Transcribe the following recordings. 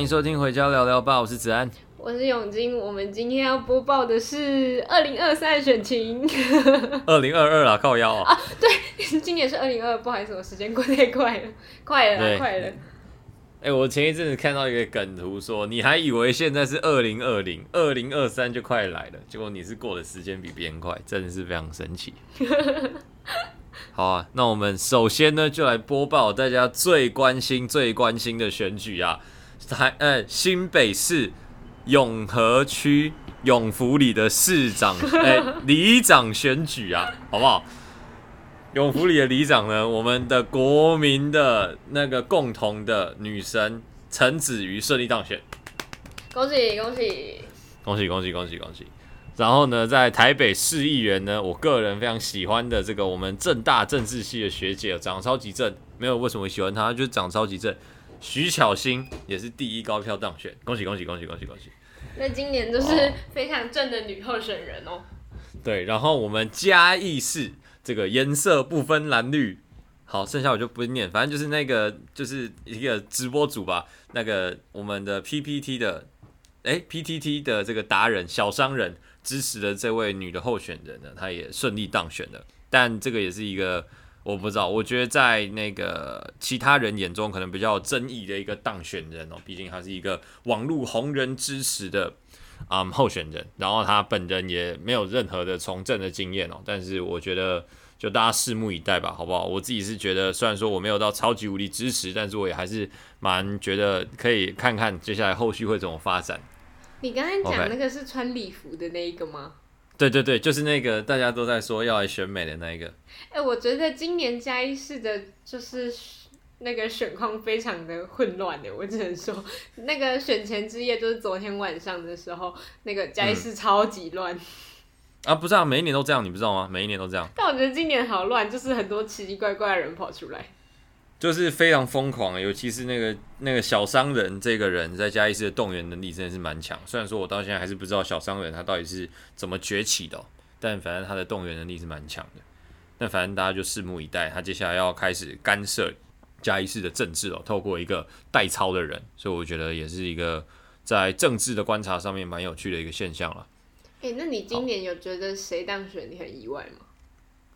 歡迎收聽《回家聊聊吧》，我是子安，我是永金。我們今天要播報的是二零二三選情。二零二二啊，靠腰啊！啊對，今年是二零二二，不好意思，我時間過得太快了，快了、啊，快了。哎、欸，我前一陣子看到一個梗圖說，說你還以為現在是二零二零，二零二三就快來了，結果你是過的時間比別人快，真的是非常神奇。 好啊，那我們首先呢，就來播報大家最關心、最關心的選舉啊。台、呃、新北市永和區永福里的市長哎、欸、里長選舉啊，好不好？永福里的里長呢，我們的國民的那個，共同的女神陳子瑜順利當選，恭喜恭喜恭喜恭喜恭喜恭喜！然後呢，在台北市議員呢，我個人非常喜歡的這個，我們政大政治系的學姐，長得超級正，沒有為什麼喜歡她，就長得超級正。徐巧芯也是第一高票當選，恭喜恭喜恭喜恭喜恭喜！那今年都是非常正的女候選人哦。Oh. 對，然後我們嘉義市這個顏色不分藍綠，好，剩下我就不念，反正就是那個就是一個直播主吧，那個我們的 PPT 的哎 PTT 的這個達人小商人支持的這位女的候選人呢，她也順利當選了，但這個也是一個。我不知道，我覺得在那個其他人眼中，可能比較有爭議的一個當選人哦，畢竟他是一個網絡紅人支持的嗯候選人，然後他本人也沒有任何的從政的經驗哦，但是我覺得就大家拭目以待吧，好不好？我自己是覺得，雖然說我沒有到超級無敵支持，但是我也還是蠻覺得可以看看接下來後續會怎麼發展。你剛才講那個是穿禮服的那一個嗎？Okay. 對對對，就是那個大家都在說要來選美的那一個。哎、欸，我覺得今年嘉義市的，就是那個選況非常的混亂的。我只能說，那個選前之夜就是昨天晚上的時候，那個嘉義市超級亂、嗯、啊！不知道、啊、每一年都這樣，你不知道嗎？每一年都這樣。但我覺得今年好亂，就是很多奇奇怪怪的人跑出來。就是非常瘋狂，尤其是那個那個小商人，這個人，在嘉義市的動員能力真的是蠻強。雖然說我到現在還是不知道小商人他到底是怎麼崛起的、哦，但反正他的動員能力是蠻強的。那反正大家就拭目以待，他接下來要開始干涉嘉義市的政治哦，透過一個代操的人。所以我覺得也是一個在政治的觀察上面蠻有趣的一個現象了。哎、欸，那你今年有覺得誰當選你很意外嗎？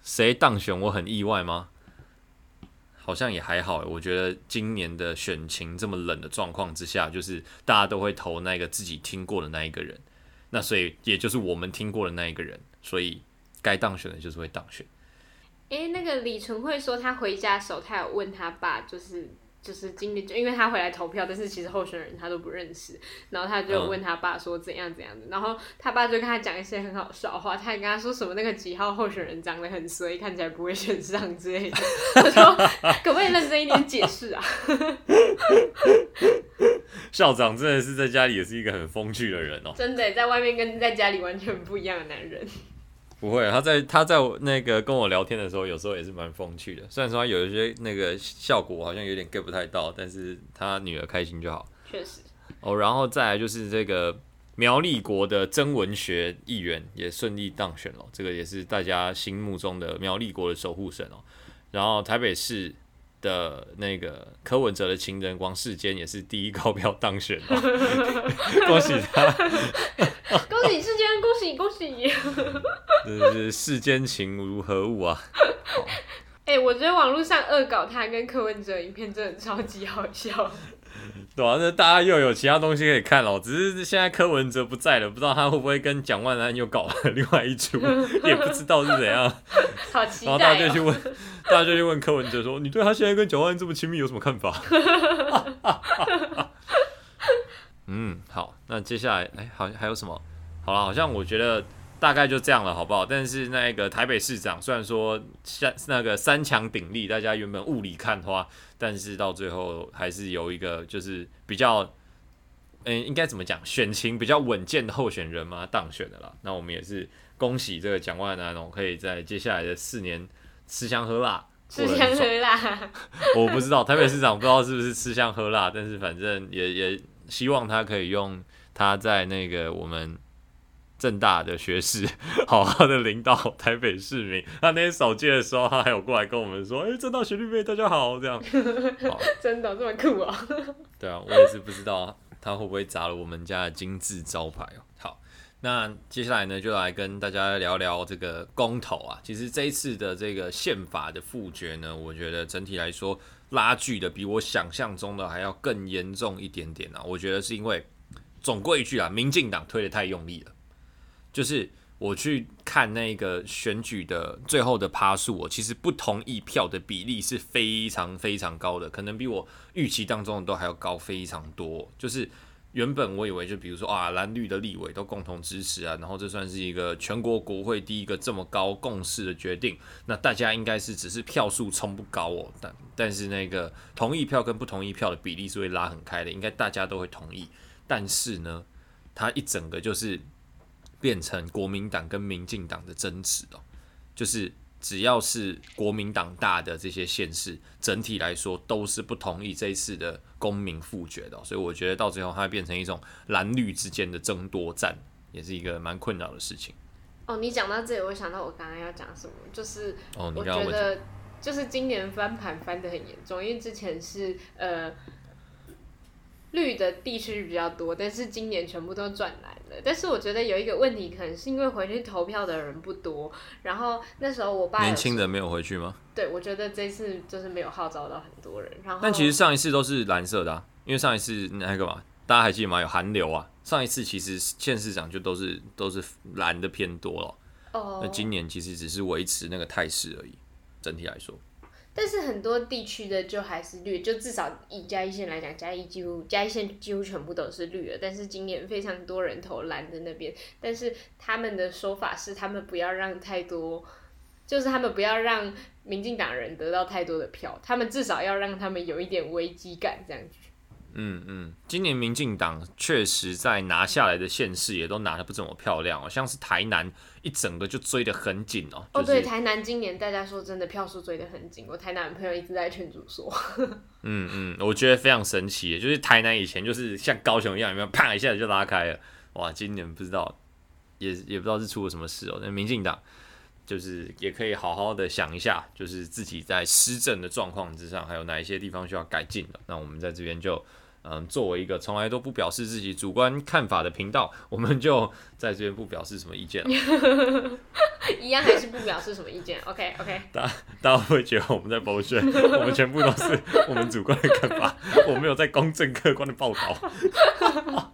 誰當選我很意外嗎？好像也還好，我覺得今年的選情這麼冷的狀況之下，就是大家都會投那個自己聽過的那一個人，那所以也就是我們聽過的那一個人，所以該當選的就是會當選。誒、欸，那個李純慧說，他回家的時候，他有問他爸，就是。就是經歷，就因為他回來投票，但是其實候選人他都不認識，然後他就問他爸說怎樣怎樣的，嗯，然後他爸就跟他講一些很好笑的話，他還跟他說什麼那個幾號候選人長得很衰，看起來不會選上之類的，他 說可不可以認真一點解釋啊？ 校長真的是在家裡也是一個很風趣的人哦，真的，在外面跟在家裡完全不一樣的男人。不會，他在他在那個跟我聊天的時候，有時候也是蠻風趣的。雖然說他有一些那個效果好像有點 get 不太到，但是他女兒開心就好。確實哦，然後再來就是這個苗栗國的曾玟學議員也順利當選了，這個也是大家心目中的苗栗國的守護神哦。然後台北市的那個柯文哲的情人王世堅也是第一高票當選了， 恭喜他。 恭喜世間， 恭喜恭喜你！真 是、嗯嗯、世間情如何物啊！哎 欸，我覺得網絡上惡搞他跟柯文哲影片真的超級好笑的。對啊，那大家又有其他東西可以看了。只是現在柯文哲不在了，不知道他會不會跟蔣萬安又搞了另外一出， 也不知道是怎樣 哦。然後大家就去問，大家就去問柯文哲說：“你對他現在跟蔣萬安這麼親密有什麼看法？” 嗯，好，那接下來，哎、欸，好像還有什麼？好了，好像我覺得大概就這樣了，好不好？但是那個台北市長，雖然說像那個三強鼎立，大家原本霧裡看花，但是到最後還是有一個就是比較，嗯、欸，應該怎麼講，選情比較穩健的候選人嘛，當選的啦。那我們也是恭喜這個蔣萬安喔，可以在接下來的四年吃香喝辣。吃香喝辣？ 我不知道台北市長不知道是不是吃香喝辣，但是反正也也。希望他可以用他在那個我們政大的學士，好好的領導台北市民。他那天掃街的時候，他還有過來跟我們說：“哎，政大學弟妹大家好，這樣。”真的這麼酷啊？對啊，我也是不知道他會不會砸了我們家的金字招牌哦。好，那接下來呢，就來跟大家聊聊這個公投啊。其實這一次的這個憲法的複決呢，我覺得整體來說。拉鋸的比我想象中的還要更嚴重一點點、啊、我覺得是因為總歸一句啊，民進黨推得太用力了。就是我去看那個選舉的最後的趴數、哦，我其實不同意票的比例是非常非常高的，可能比我預期當中的都還要高非常多、哦。就是。原本我以為就比如說啊，藍綠的立委都共同支持啊，然後這算是一個全國國會第一個這麼高共識的決定，那大家應該是只是票數衝不高哦，但但是那個同意票跟不同意票的比例是會拉很開的，應該大家都會同意，但是呢，它一整個就是變成國民黨跟民進黨的爭執哦，就是只要是國民黨大的這些縣市，整體來說都是不同意這一次的。公民複決的，所以我覺得到最後它會變成一種藍綠之間的爭奪戰，也是一個蠻困擾的事情。哦，你講到這裡，我想到我剛剛要講什麼，就是我覺得就是今年翻盤翻的很嚴重，因為之前是呃綠的地區比較多，但是今年全部都轉藍。但是我覺得有一個問題，可能是因為回去投票的人不多。然後那時候我爸年輕的沒有回去嗎？對，我覺得這次就是沒有號召到很多人。然後但其實上一次都是藍色的啊，因為上一次那個嘛，大家還記得嗎？有寒流啊，上一次其實縣市長就都是都是藍的偏多了。哦，oh，那今年其實只是維持那個態勢而已，整體來說。但是很多地區的就還是綠，就至少以嘉義縣來講，嘉義幾乎嘉義縣幾乎全部都是綠的。但是今年非常多人投藍的那邊，但是他們的說法是，他們不要讓太多，就是他們不要讓民進黨人得到太多的票，他們至少要讓他們有一點危機感這樣子。嗯嗯，今年民進黨確實在拿下來的縣市也都拿得不怎麼漂亮。哦，像是台南一整個就追得很緊哦。哦、就是，對，台南今年大家說真的票數追得很緊，我台南朋友一直在勸阻說。 嗯嗯，我覺得非常神奇，就是台南以前就是像高雄一樣，有沒有啪一下子就拉開了？哇，今年不知道也，也不知道是出了什麼事哦，那民進黨。就是也可以好好的想一下，就是自己在施政的狀況之上，還有哪一些地方需要改進的。那我們在這邊就，嗯，作為一個從來都不表示自己主觀看法的頻道，我們就在這邊不表示什麼意見了。 一樣還是不表示什麼意見 ？OK OK 大家。大家會覺得我們在剝削， 我們全部都是我們主觀的看法， 我沒有在公正客觀的報道。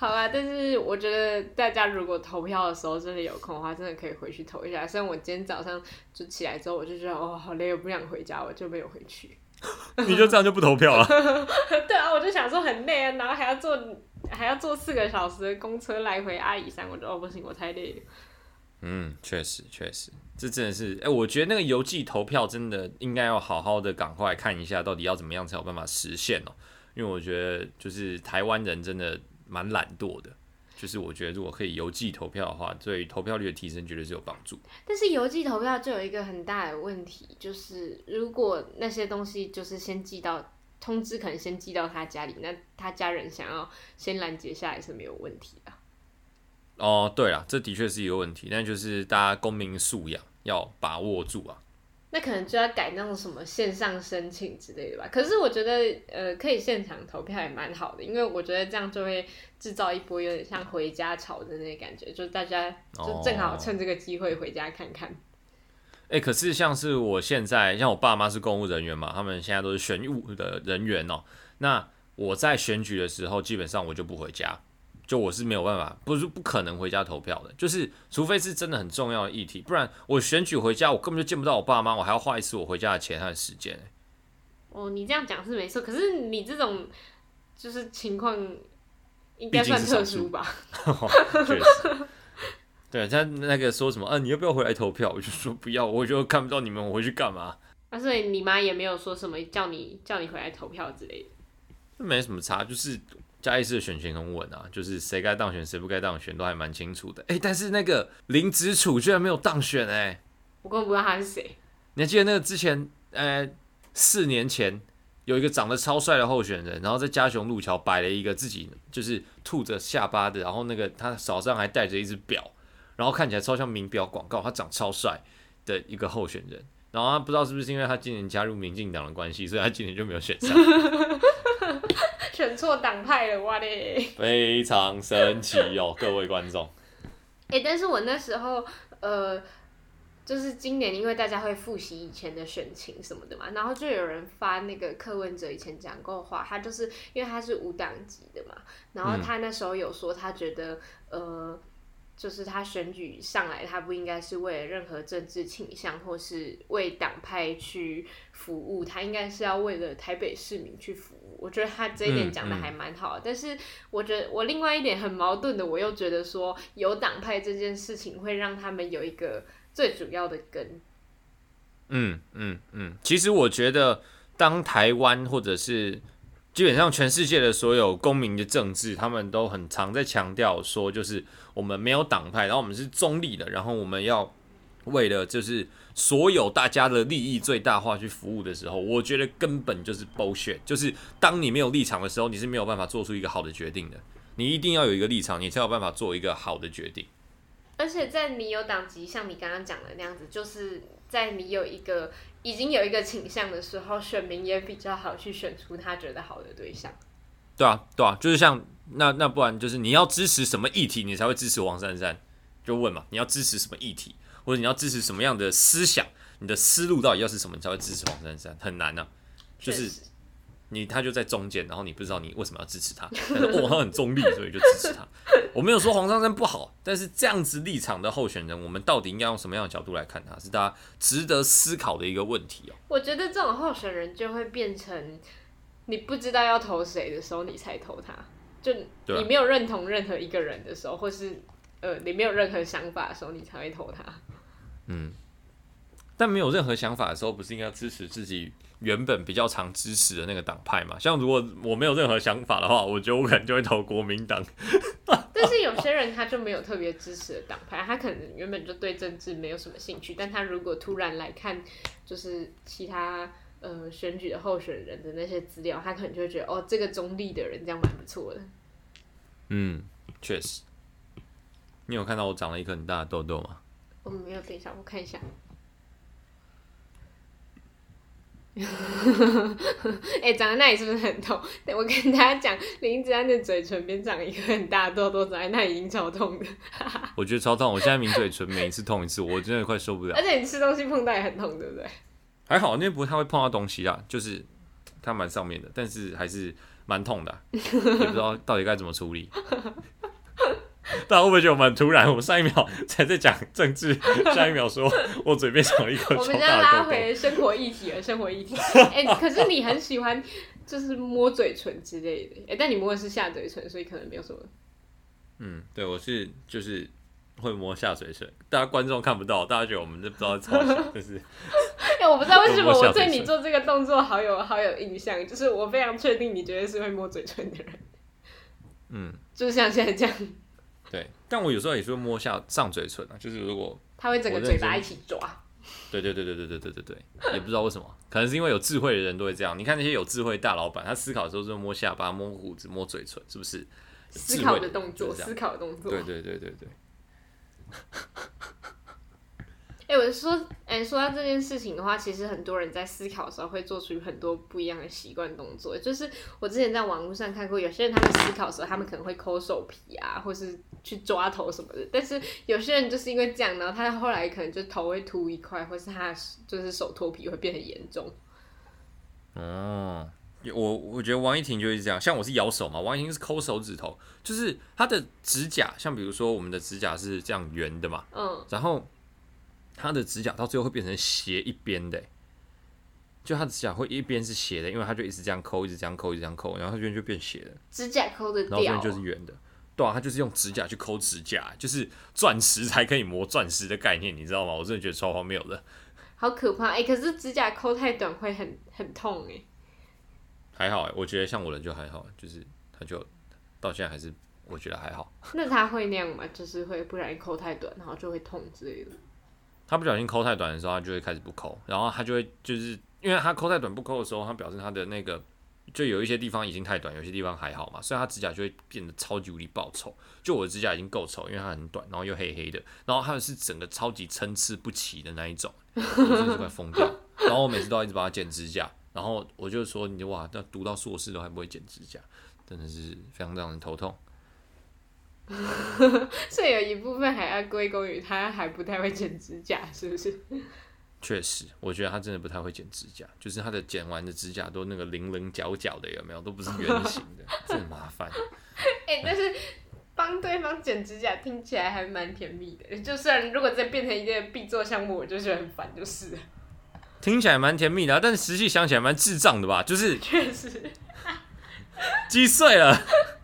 好啊，但是我覺得大家如果投票的時候真的有空的話，真的可以回去投一下。雖然我今天早上就起來之後，我就覺得哦好累，我不想回家，我就沒有回去。你就這樣就不投票了？ 對啊，我就想說很累啊，然後還要坐還要坐四個小時的公車來回阿里山，我就哦不行，我太累了。嗯，確實確實，這真的是哎、欸，我覺得那個郵寄投票真的應該要好好的趕快看一下，到底要怎麼樣才有辦法實現哦。因為我覺得就是台灣人真的。蠻懶惰的，就是我覺得如果可以郵寄投票的話，對投票率的提升絕對是有幫助。但是郵寄投票就有一個很大的問題，就是如果那些東西就是先寄到通知，可能先寄到他家裡，那他家人想要先攔截下來是沒有問題的。哦，對了，這的確是一個問題，但就是大家公民素養要把握住啊。那可能就要改那種什麼線上申請之類的吧。可是我覺得，呃，可以現場投票也蠻好的，因為我覺得這樣就會製造一波有點像回家潮的那種感覺，就是大家就正好趁這個機會回家看看。哎、哦欸，可是像是我現在，像我爸媽是公務人員嘛，他們現在都是選務的人員哦。那我在選舉的時候，基本上我就不回家。就我是沒有辦法，不是不可能回家投票的，就是除非是真的很重要的議題，不然我選舉回家，我根本就見不到我爸媽，我還要花一次我回家的錢和時間、欸。哦，你這樣講是沒錯，可是你這種就是情況應該算特殊吧？呵呵 確實，對他那個說什麼啊，你要不要回來投票？我就說不要，我就看不到你們，我回去幹嘛？但、啊、是你媽也沒有說什麼叫你叫你回來投票之類的，這沒什麼差，就是。嘉義市的選情很穩啊，就是誰該當選誰不該當選都還蠻清楚的。哎、欸，但是那個林子楚居然沒有當選哎、欸！我根本不知道他是誰。你還記得那個之前，呃，四年前有一個長得超帥的候選人，然後在嘉雄陸橋擺了一個自己就是吐着下巴的，然後那個他手上還帶着一只表，然後看起來超像名表廣告。他長超帥的一個候選人，然後他不知道是不是因為他今年加入民進黨的關係，所以他今年就沒有選上。 選錯黨派了，哇嘞！非常神奇哦， 各位觀眾。哎、欸，但是我那時候，呃，就是今年因為大家會複習以前的選情什麼的嘛，然後就有人發那個柯文哲以前講過話，他就是因為他是無黨籍的嘛，然後他那時候有說他覺得，嗯、呃，就是他選舉上來，他不應該是為了任何政治傾向或是為黨派去服務，他應該是要為了台北市民去服務。我覺得他這一點講的還蠻好，但是我覺得我另外一點很矛盾的，我又覺得說有黨派這件事情會讓他們有一個最主要的根。嗯嗯嗯，其實我覺得，當台灣或者是基本上全世界的所有公民的政治，他們都很常在強調說，就是我們沒有黨派，然後我們是中立的，然後我們要。為了就是所有大家的利益最大化去服務的時候，我覺得根本就是 bullshit。就是當你沒有立場的時候，你是沒有辦法做出一個好的決定的。你一定要有一個立場，你才有辦法做一個好的決定。而且在你有黨籍，像你剛剛講的那樣子，就是在你有一個已經有一個傾向的時候，選民也比較好去選出他覺得好的對象。對啊，對啊，就是像那那不然就是你要支持什麼議題，你才會支持王珊珊？就問嘛，你要支持什麼議題？或者你要支持什麼樣的思想？你的思路到底要是什麼，你才會支持黃珊珊。很難呢、啊，就是你他就在中間，然後你不知道你為什麼要支持他，但是我、哦、 他很中立，所以就支持他。我沒有說黃珊珊不好，但是這樣子立場的候選人，我們到底應該用什麼樣的角度來看他？是大家值得思考的一個問題哦。我覺得這種候選人就會變成你不知道要投誰的時候，你才投他；就你沒有認同任何一個人的時候，或是呃你沒有任何想法的時候，你才會投他。嗯，但沒有任何想法的時候，不是應該支持自己原本比較常支持的那個黨派嘛？像如果我沒有任何想法的話，我覺得我可能就會投國民黨。 但是有些人他就沒有特別支持的黨派，他可能原本就對政治沒有什麼興趣，但他如果突然來看就是其他呃選舉的候選人的那些資料，他可能就會覺得哦，這個中立的人這樣蠻不錯的。嗯，確實。你有看到我長了一顆很大的痘痘嗎？我沒有，等一下，我看一下。哎、 欸，長在那裡是不是很痛？我跟大家講，林子安的嘴唇邊長一個很大的痘痘，長在那裡已經超痛的。 我覺得超痛，我現在抿嘴唇，每一次痛一次，我真的快受不了。而且你吃東西碰到也很痛，對不對？還好，因為不是他會碰到東西啊。就是他蠻上面的，但是還是蠻痛的，啊，也不知道到底該怎麼處理。 大家會不會覺得我們很突然？我們上一秒才在講政治，下一秒說我嘴邊長了一顆超大的痘痘。 我們家拉回生活議題了，生活議題。哎、欸，可是你很喜歡，就是摸嘴唇之類的。哎、欸，但你摸的是下嘴唇，所以可能沒有什麼。嗯，對，我是就是會摸下嘴唇，大家觀眾看不到，大家覺得我們都不知道在吵什麼。 就是，哎、欸，我不知道為什麼我對你做這個動作好有好有印象，就是我非常確定，你絕對是會摸嘴唇的人。嗯，就是像現在這樣。對，但我有時候也是會摸下上嘴唇啊，就是如果他會整個嘴巴一起抓，對對對對對對對對，對 也不知道為什麼，可能是因為有智慧的人都會這樣。你看那些有智慧大老闆，他思考的時候就是摸下巴、摸鬍子、摸嘴唇，是不是？是思考的動作，就是，思考的動作。對對對對對。哎、 欸，我說，哎、欸，說到這件事情的話，其實很多人在思考的時候會做出很多不一樣的習慣動作。就是我之前在網絡上看過，有些人他們思考的時候，他們可能會摳手皮啊，或是。去抓頭什麼的，但是有些人就是因為這樣，然後他後來可能就頭會禿一塊，或是他就是手脫皮會變得嚴重。哦、嗯，我我覺得王一婷就是這樣，像我是咬手嘛，王一婷是摳手指頭，就是她的指甲，像比如說我們的指甲是這樣圓的嘛，嗯，然後她的指甲到最後會變成斜一邊的，就她的指甲會一邊是斜的，因為她就一直這樣摳，一直這樣摳，一直這樣摳，然後她這邊就變斜了。指甲摳的，然後這邊就是圓的。對啊，他就是用指甲去摳指甲，就是鑽石才可以磨鑽石的概念，你知道嗎？我真的覺得超荒謬的，好可怕哎、欸！可是指甲摳太短會很很痛哎、欸。還好、欸，我覺得像我的就還好，就是他就到現在還是我覺得還好。那他會那樣嗎？就是會，不然摳太短，然後就會痛之類的。他不小心摳太短的時候，他就會開始不摳，然後他就會就是因為他摳太短不摳的時候，他表示他的那個。就有一些地方已經太短，有些地方還好嘛，所以他指甲就會變得超級無敵爆醜。就我的指甲已經夠醜，因為它很短，然後又黑黑的，然後它是整個超級參差不齊的那一種，我真的是快瘋掉。 然後我每次都要一直把它剪指甲，然後我就說：“你哇，那讀到碩士都還不會剪指甲，真的是非常讓人頭痛。 ”所以有一部分還要歸功於他還不太會剪指甲，是不是？確實，我覺得他真的不太會剪指甲，就是他的剪完的指甲都那個稜稜角角的，有沒有？都不是圓形的，真的很麻煩。哎、 欸，但是幫對方剪指甲聽起來還蠻甜蜜的，就算如果再變成一個必做項目，我就覺得很煩，就是。聽起來蠻甜蜜的、啊，但是實際想起來蠻智障的吧？就是確實，擊碎了。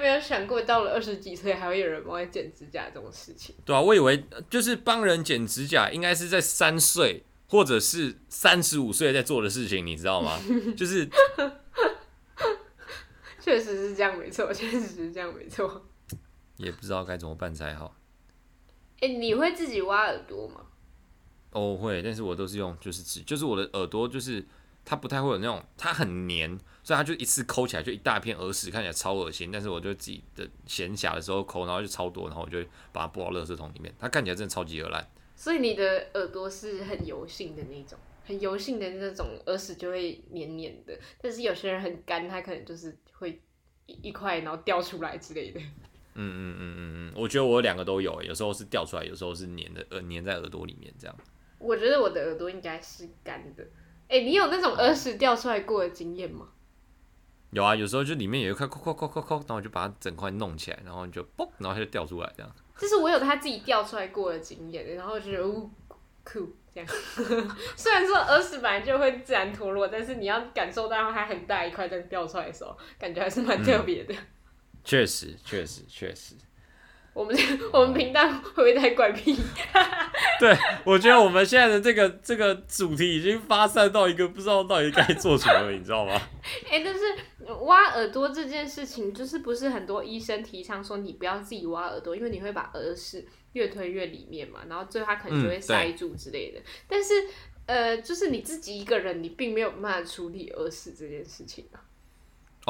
沒有想過到了二十幾歲還會有人幫我剪指甲這種事情，對啊，我以為就是幫人剪指甲，應該是在三歲或者是三十五歲在做的事情，你知道嗎？ 就是，確 實是這樣沒，沒錯，確實是這樣，沒錯。也不知道該怎麼辦才好。哎、欸，你會自己挖耳朵嗎？哦、oh, 會，但是我都是用，就是指，就是我的耳朵，就是它不太會有那種，它很黏。所以他就一次摳起來就一大片耳屎，看起來超噁心。但是我就自己的閒暇的時候摳，然後就超多，然後我就把它撥到垃圾桶裡面。它看起來真的超級惡爛。所以你的耳朵是很油性的那種？很油性的那種耳屎就會黏黏的。但是有些人很乾，他可能就是會一一塊然後掉出來之類的。嗯嗯嗯嗯嗯，我覺得我兩個都有，有時候是掉出來，有時候是黏的、呃，黏在耳朵裡面這樣。我覺得我的耳朵應該是乾的。哎、欸，你有那種耳屎掉出來過的經驗嗎？有啊，有時候就裡面有一塊扣扣扣扣扣，然後我就把它整塊弄起來，然後你就嘣，然後它就掉出來這樣。就是我有它自己掉出來過的經驗，然後覺得、嗯、酷，這樣。 雖然說耳屎本來就會自然脫落，但是你要感受到它很大一塊在掉出來的時候，感覺還是蠻特別的。嗯、確實，確實，確實。 我們我們頻道會不會太怪僻 ？對，我覺得我們現在的這個 這個主題已經發散到一個不知道到底該做什麼了，你知道嗎？哎、 欸，但是挖耳朵這件事情，就是不是很多醫生提倡說你不要自己挖耳朵，因為你會把耳屎越推越裡面嘛，然後最後它可能就會塞住之類的。嗯、但是呃，就是你自己一個人，你並沒有辦法處理耳屎這件事情、啊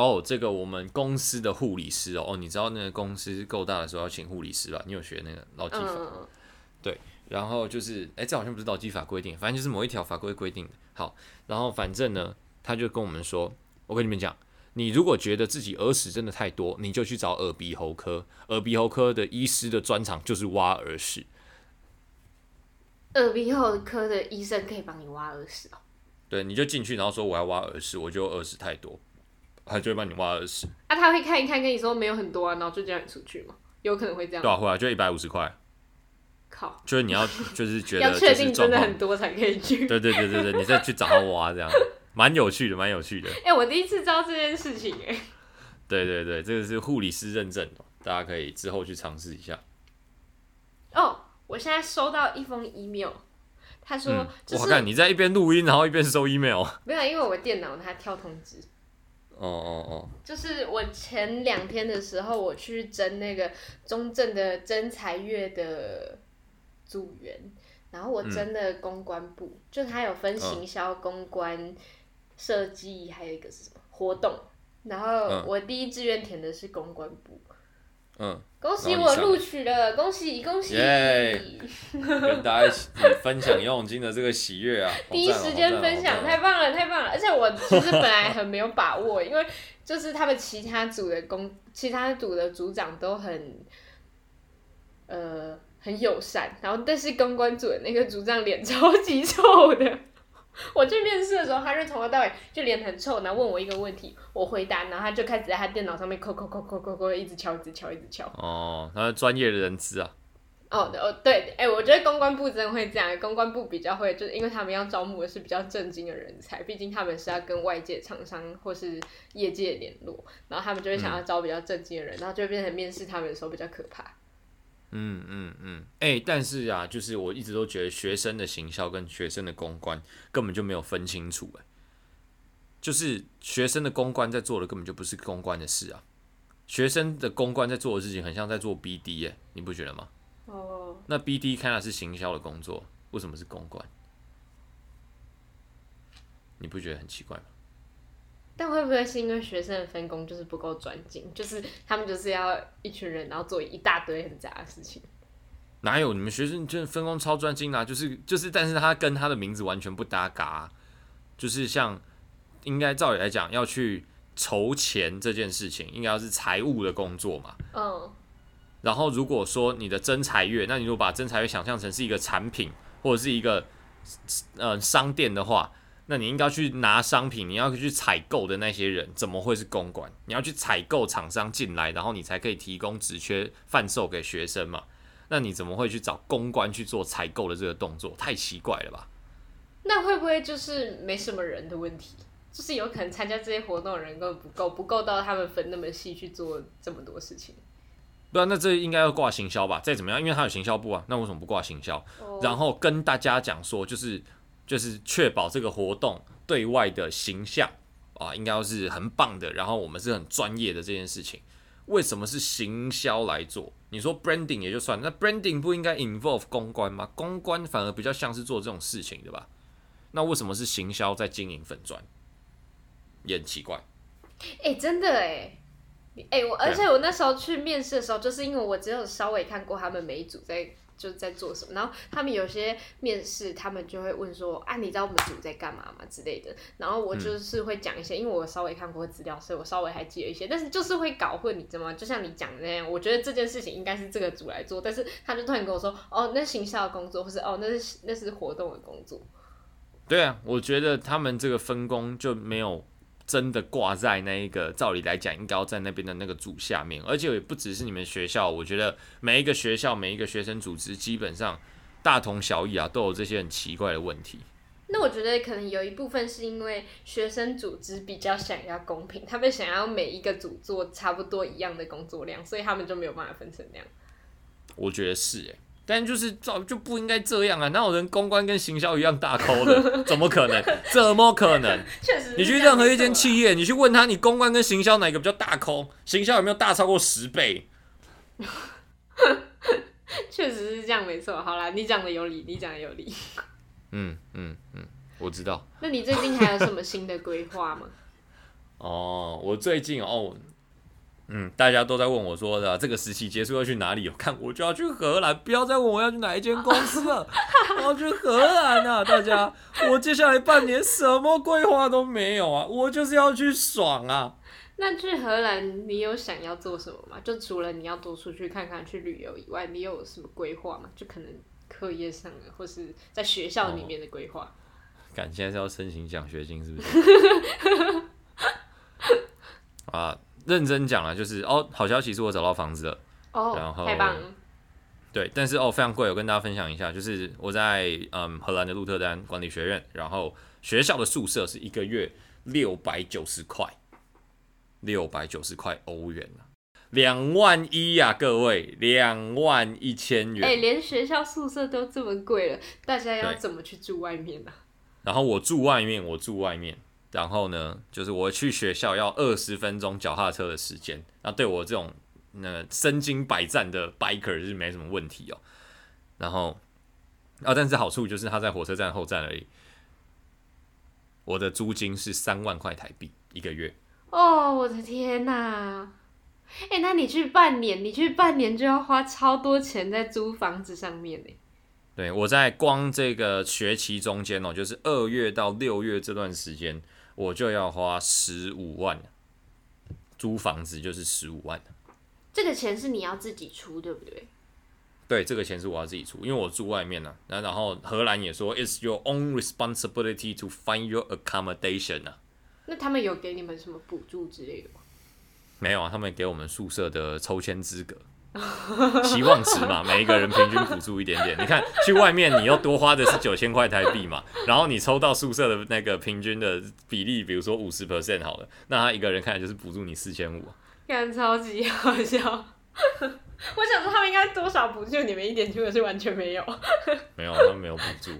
哦，這個我們公司的護理師哦，哦，你知道那個公司夠大的時候要請護理師吧？你有學那個勞基法、嗯，對，然後就是，哎，這好像不是勞基法規定，反正就是某一條法規規定的。好，然後反正呢，他就跟我們說，我跟你們講，你如果覺得自己耳屎真的太多，你就去找耳鼻喉科，耳鼻喉科的醫師的專長就是挖耳屎。耳鼻喉科的醫生可以幫你挖耳屎哦。對，你就進去，然後說我要挖耳屎，我就耳屎太多。他就會幫你挖耳屎。那、啊、他會看一看，跟你說沒有很多啊，然後就叫你出去嗎？有可能會這樣。多少會啊，就一百五十塊。靠！就是你要，就是覺得是要確定真的很多才可以去。對對對對，對你再去找我啊，這樣，蠻 有趣的，蠻有趣的。哎、欸，我第一次知道這件事情哎、欸。對對對，這個是護理師認證，大家可以之後去嘗試一下。哦，我現在收到一封 email，他說、就是，我、嗯、看你在一邊錄音，然後一邊收 email。沒有，因為我電腦他跳通知。哦哦哦！就是我前兩天的時候，我去徵那個中正的徵才月的組員，然後我徵的公關部，嗯、就是它有分行銷、oh. 公關、設計，還有一個是什麼活動，然後我第一志願填的是公關部。Oh. 嗯嗯，恭喜我錄取了，了！恭喜恭喜！Yeah, 跟大家一起分享用金的這個喜悅啊！ 第一時間分享太太，太棒了，太棒了！而且我其實本來很沒有把握， 因為就是他們其他組的公，其他組的組長都很，呃，很友善，然後但是公關組的那個組長臉超級臭的。我去面試的時候，他就從頭到尾，就臉很臭，然後問我一個問題，我回答，然後他就開始在他電腦上面扣扣扣扣扣扣，一直敲，一直敲，一直敲。一直敲。哦，那是專業的人資啊。哦，哦對，哎、欸，我覺得公關部真的會這樣，公關部比較會，就是因為他們要招募的是比較正經的人才，畢竟他們是要跟外界廠商或是業界聯絡，然後他們就會想要招比較正經的人，嗯、然後就會變成面試他們的時候比較可怕。嗯嗯嗯，哎、嗯嗯欸，但是啊，就是我一直都覺得學生的行銷跟學生的公關根本就沒有分清楚，欸，哎，就是學生的公關在做的根本就不是公關的事啊，學生的公關在做的事情很像在做 BD，哎、欸，你不覺得嗎？哦，那 BD 看來是行銷的工作，為什麼是公關？你不覺得很奇怪嗎？但會不會是因為學生的分工就是不夠專精，就是他們就是要一群人然後做一大堆很雜的事情？哪有你們學生就分工超專精啊！就是就是，但是他跟他的名字完全不搭嘎、啊，就是像應該照理來講要去籌錢這件事情，應該要是財務的工作嘛。嗯、oh.。然後如果說你的徵才月，那你如果把徵才月想象成是一個產品或者是一個嗯、呃、商店的話。那你應該去拿商品，你要去採購的那些人怎麼會是公關？你要去採購廠商進來，然後你才可以提供職缺販售給學生嘛？那你怎麼會去找公關去做採購的這個動作？太奇怪了吧？那會不會就是沒什麼人的問題？就是有可能參加這些活動的人根本不夠，不夠到他們分那麼細去做這麼多事情。對然、啊、那這應該要掛行銷吧？再怎麼樣，因為他有行銷部啊，那為什麼不掛行銷？Oh. 然後跟大家講說，就是。就是確保這個活動對外的形象啊，應該是很棒的。然後我們是很專業的這件事情，為什麼是行銷來做？你說 branding 也就算了，那 branding 不應該 involve 公關嗎？公關反而比較像是做這種事情，對吧？那為什麼是行銷在經營粉專？也很奇怪。哎、欸，真的哎、欸，哎、欸、我，而且我那時候去面試的時候，就是因為我只有稍微看過他們每一組在。就在做什麼，然後他們有些面試，他們就會問說：“啊，你知道我們組在幹嘛嗎？”之類的。然後我就是會講一些、嗯，因為我稍微看過資料，所以我稍微還記得一些，但是就是會搞混，你知道嗎？就像你講的那樣，我覺得這件事情應該是這個組來做，但是他就突然跟我說：“哦，那是行銷的工作，或是哦，那是那是活動的工作。”對啊，我覺得他們這個分工就沒有。真的掛在那一個，照理來講，應該要在那邊的那個組下面，而且也不只是你們學校，我覺得每一個學校、每一個學生組織基本上大同小異啊，都有這些很奇怪的問題。那我覺得可能有一部分是因為學生組織比較想要公平，他們想要每一個組做差不多一樣的工作量，所以他們就沒有辦法分成那樣。我覺得是誒、欸。但就是早就不應該這樣啊！哪有人公關跟行銷一樣大摳的？ 怎麼可能？怎麼可能？ 你去任何一間企業，啊，你去問他，你公關跟行銷哪一個比較大摳？行銷有沒有大超過十倍？確 實是這樣，沒錯。好啦，你講的有理，你講的有理。嗯嗯嗯，我知道。 那你最近還有什麼新的規劃嗎？ 哦，我最近哦。嗯，大家都在問我說的這個實習結束要去哪裡？有看我就要去荷蘭，不要再問我要去哪一間公司了， 我要去荷蘭啊！大家，我接下來半年什麼規劃都沒有啊，我就是要去爽啊！那去荷蘭，你有想要做什麼嗎？就除了你要多出去看看、去旅遊以外，你有什麼規劃嗎？就可能課業上的，或是在學校裡面的規劃？感、哦、情現在是要申請獎學金，是不是？ 啊。認真講了，就是哦，好消息是我找到房子了。哦，然後太棒。對，但是哦，非常貴。我跟大家分享一下，就是我在嗯荷蘭的鹿特丹管理學院，然後學校的宿舍是一個月六百九十塊，六百九十塊歐元，兩萬一呀，各位，兩萬一千元。哎、欸，連學校宿舍都這麼貴了，大家要怎麼去住外面呢、啊？然後我住外面，我住外面。然後呢，就是我去學校要二十分鐘腳踏車的時間，那對我這種那身經百戰的 biker 是沒什麼問題哦。然後啊，但是好處就是他在火車站後站而已。我的租金是三萬塊台幣一個月。哦，我的天哪！哎，那你去半年，你去半年就要花超多錢在租房子上面呢。對，我在光這個學期中間哦，就是二月到六月這段時間。我就要花十五萬，租房子就是十五萬。這個錢是你要自己出，對不對？對，這個錢是我要自己出，因為我住外面呢、啊。然後荷蘭也說，"It's your own responsibility to find your accommodation"。那他們有給你們什麼補助之類的嗎？沒有啊，他們給我們宿舍的抽籤資格。期望值嘛，每一個人平均補助一點點。 你看，去外面你又多花的是九千塊台幣嘛，然後你抽到宿舍的那個平均的比例，比如說五十 percent 好了，那他一個人看來就是補助你四千五，感覺超級好笑。我想說他們應該多少補助你們一點，結果是完全沒有， 沒有，他們沒有補助，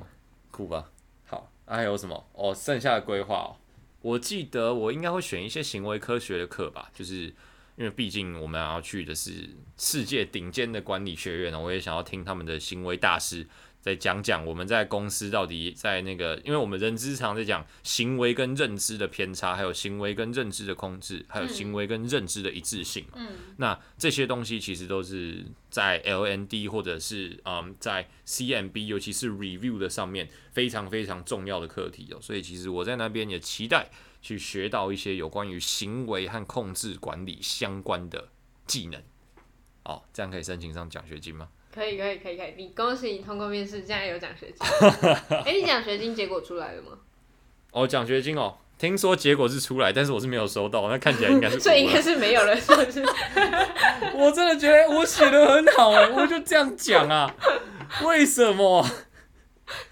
酷吧？好，那、啊、還有什麼？哦，剩下的規劃哦，我記得我應該會選一些行為科學的課吧，就是。因為畢竟我們要去的是世界頂尖的管理學院呢，我也想要聽他們的行為大師在講講我們在公司到底在那個，因為我們人資常在講行為跟認知的偏差，還有行為跟認知的控制，還有行為跟認知的一致性嘛。嗯嗯、那這些東西其實都是在 L&D 或者是嗯在 C&B，尤其是 review 的上面非常非常重要的課題哦、喔，所以其實我在那邊也期待。去學到一些有關於行為和控制管理相關的技能，哦，這樣可以申請上獎學金嗎？可以，可以，可以，可以。你恭喜你通過面試，現在有獎學金。 欸，你獎學金結果出來了嗎？哦，獎學金哦，聽說結果是出來，但是我是沒有收到。那看起來應該是這 應該是沒有了， 是不是？ 我真的覺得我寫的很好耶，我就這樣講啊，為什麼？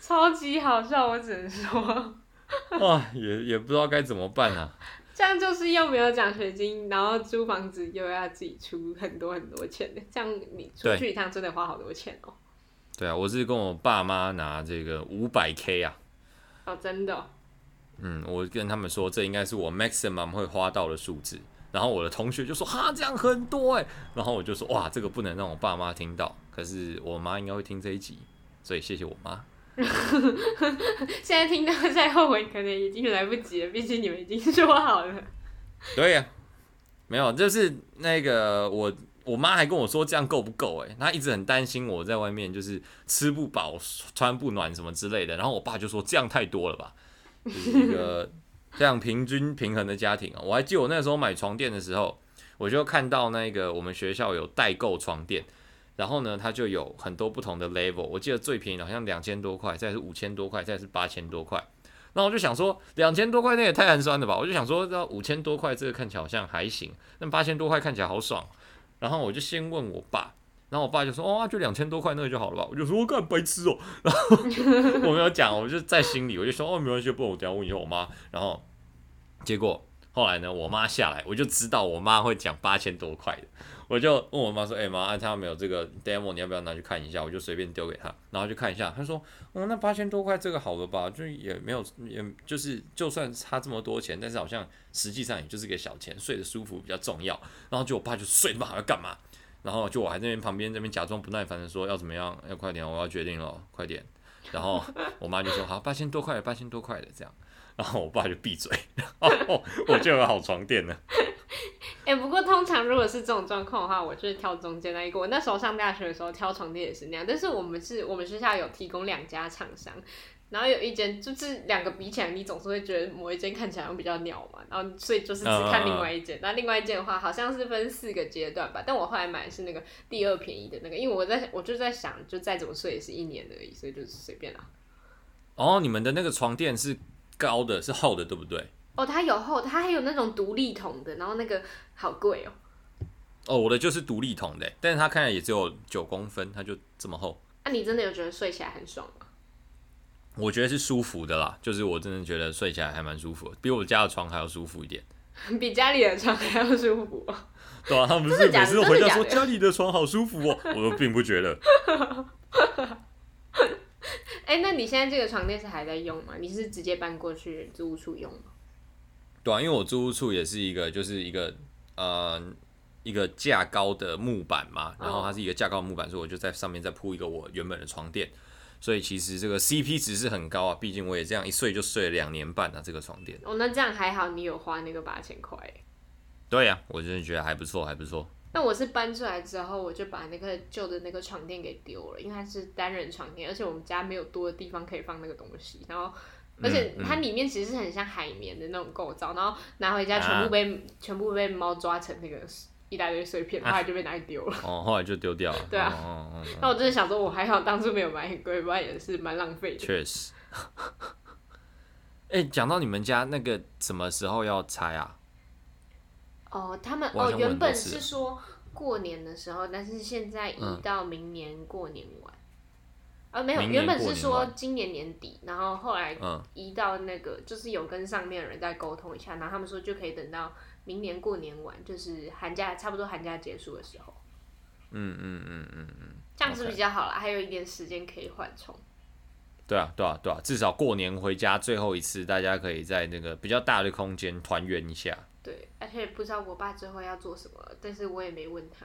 超級好笑，我只能說。 哇，也也不知道該怎麼辦啊！這樣就是又沒有獎學金，然後租房子又要自己出很多很多錢的。這樣你出去一趟真的花好多錢哦。對啊，我是跟我爸媽拿這個五百 k 啊。哦，真的哦。嗯，我跟他們說，這應該是我 maximum 會花到的數字。然後我的同學就說：“哈，這樣很多哎。”然後我就說：“哇，這個不能讓我爸媽聽到。”可是我媽應該會聽這一集，所以謝謝我媽。 現在聽到再後悔，可能已經來不及了。畢竟你們已經說好了。對呀、啊，沒有，就是那個我我媽還跟我說這樣夠不夠哎、欸，她一直很擔心我在外面就是吃不飽、穿不暖什麼之類的。然後我爸就說這樣太多了吧，就是，一個這樣平均平衡的家庭。 我還記得我那時候買床墊的時候，我就看到那個我們學校有代購床墊。然後呢，它就有很多不同的 level。我記得最便宜好像兩千多塊，再是五千多塊，再是八千多塊。那我就想說，兩千多塊那也太寒酸了吧？我就想說，這五千多塊這個看起來好像還行，那八千多塊看起來好爽。然後我就先問我爸，然後我爸就說：“哦，就兩千多塊那個就好了吧？”我就說：“我、哦、幹，白痴哦！”然後 我沒有講，我就在心裡我就說：“哦，沒關係，不然我等一下問一下我媽。”然後結果後來呢，我媽下來，我就知道我媽會講八千多塊的。我就問我媽說，哎、欸、媽、啊，他有沒有這個 demo，你要不要拿去看一下？我就隨便丟給他，然後就看一下。他說，哦，那八千多塊這個好的吧，就也沒有，也就是就算差這麼多錢，但是好像實際上也就是個小錢，睡得舒服比較重要。然後就我爸就睡得不好要幹嘛？然後就我還在那邊旁邊這邊假裝不耐煩的說要怎麼樣，要、欸、快點，我要決定了，快點。然後我媽就說好，八千多塊，八千多塊的這樣。然後我爸就閉嘴，哦， 我就有個好床墊呢。哎、 欸，不過通常如果是這種狀況的話，我就是挑中間那一、個、股。我那時候上大學的時候挑床墊也是那樣，但是我們是我們學校有提供兩家廠商，然後有一間就是兩個比起來，你總是會覺得某一間看起來會比較鳥嘛，然後所以就是只看另外一間。那、嗯嗯嗯，另外一間的話，好像是分四個階段吧。但我後來買的是那個第二便宜的那個，因為我在我就在想，就再怎麼睡也是一年而已，所以就是隨便了。哦，你們的那個床墊是？高的是厚的，對不對？哦，它有厚，它還有那種獨立筒的，然後那個好貴哦。哦，我的就是獨立筒的，但是它看起來也只有九公分，它就這麼厚。那、啊、你真的有覺得睡起來很爽嗎？我覺得是舒服的啦，就是我真的覺得睡起來還蠻舒服，比我家的床還要舒服一點，比家裡的床還要舒服，哦。對啊，他們是每次都回答說的的的的家裡的床好舒服哦，我並不覺得。 哎、欸，那你現在這個床墊是還在用嗎？你是直接搬過去租屋處用嗎？對啊，因為我租屋處也是一個，就是一個呃一個架高的木板嘛，哦、然後它是一個架高的木板，所以我就在上面再鋪一個我原本的床墊，所以其實這個 CP 值，是很高啊，畢竟我也這樣一睡就睡了兩年半啊。這個床墊。哦，那這樣還好，你有花那個八千塊？對呀、啊，我真的覺得還不錯，還不錯。那我是搬出來之後，我就把那個舊的那個床墊給丟了，因為它是單人床墊，而且我們家沒有多的地方可以放那個東西。然後，嗯、而且它裡面其實是很像海綿的那種構造、嗯，然後拿回家全部被、啊、全部被貓抓成那個一大堆碎片，啊、後來就被拿去丟了。哦，後來就丟掉了。 對啊。那、哦哦哦、 我真的想說，我還好當初沒有買很貴，不然也是蠻浪費的。確實、 欸。哎，講到你們家那個什麼時候要拆啊？哦，他們哦，原本是說過年的時候，嗯、但是現在移到明年過年玩。啊、嗯哦，沒有年年，原本是說今年年底，然後後來移到那個，嗯、就是有跟上面的人再溝通一下，然後他們說就可以等到明年過年玩。就是寒假差不多寒假結束的時候。嗯嗯嗯嗯嗯，這樣子比較好啦，okay. 還有一點時間可以緩衝。對啊對啊對啊，至少過年回家最後一次，大家可以在那個比較大的空間團圓一下。對，而且也不知道我爸最後要做什麼，但是我也沒問他。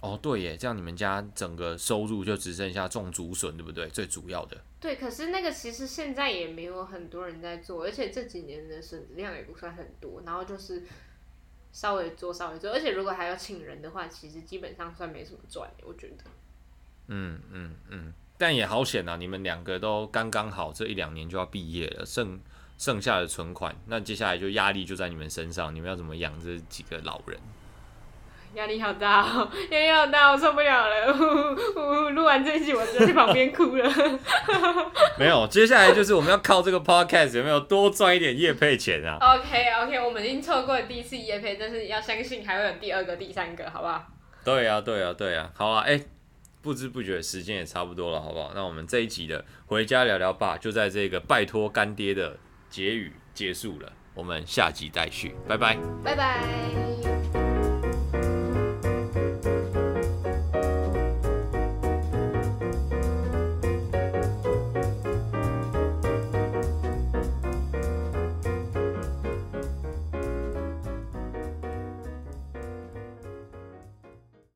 哦，對耶，這樣你們家整個收入就只剩下種竹筍，對不對？最主要的。對，可是那個其實現在也沒有很多人在做，而且這幾年的筍量也不算很多，然後就是稍微做稍微做，而且如果還要請人的話，其實基本上算沒什麼賺，我覺得。嗯嗯嗯，但也好險啊！你們兩個都剛剛好，這一兩年就要畢業了，剩。剩下的存款，那接下來就壓力就在你們身上，你們要怎麼養這幾個老人？壓力好大哦，壓力好大哦，我受不了了。我錄完這集我就去旁邊哭了。 沒有，接下來就是我們要靠這個 podcast 有沒有多賺一點業配錢啊？OK OK，我們已經錯過了第一次業配，但是你要相信還會有第二個、第三個，好不好？對呀、啊，對呀、啊，對呀、啊，好啊。哎，不知不覺時間也差不多了，好不好？那我們這一集的回家聊聊吧，就在這個拜托乾爹的。結語結束了，我們下集再續，拜拜，拜拜。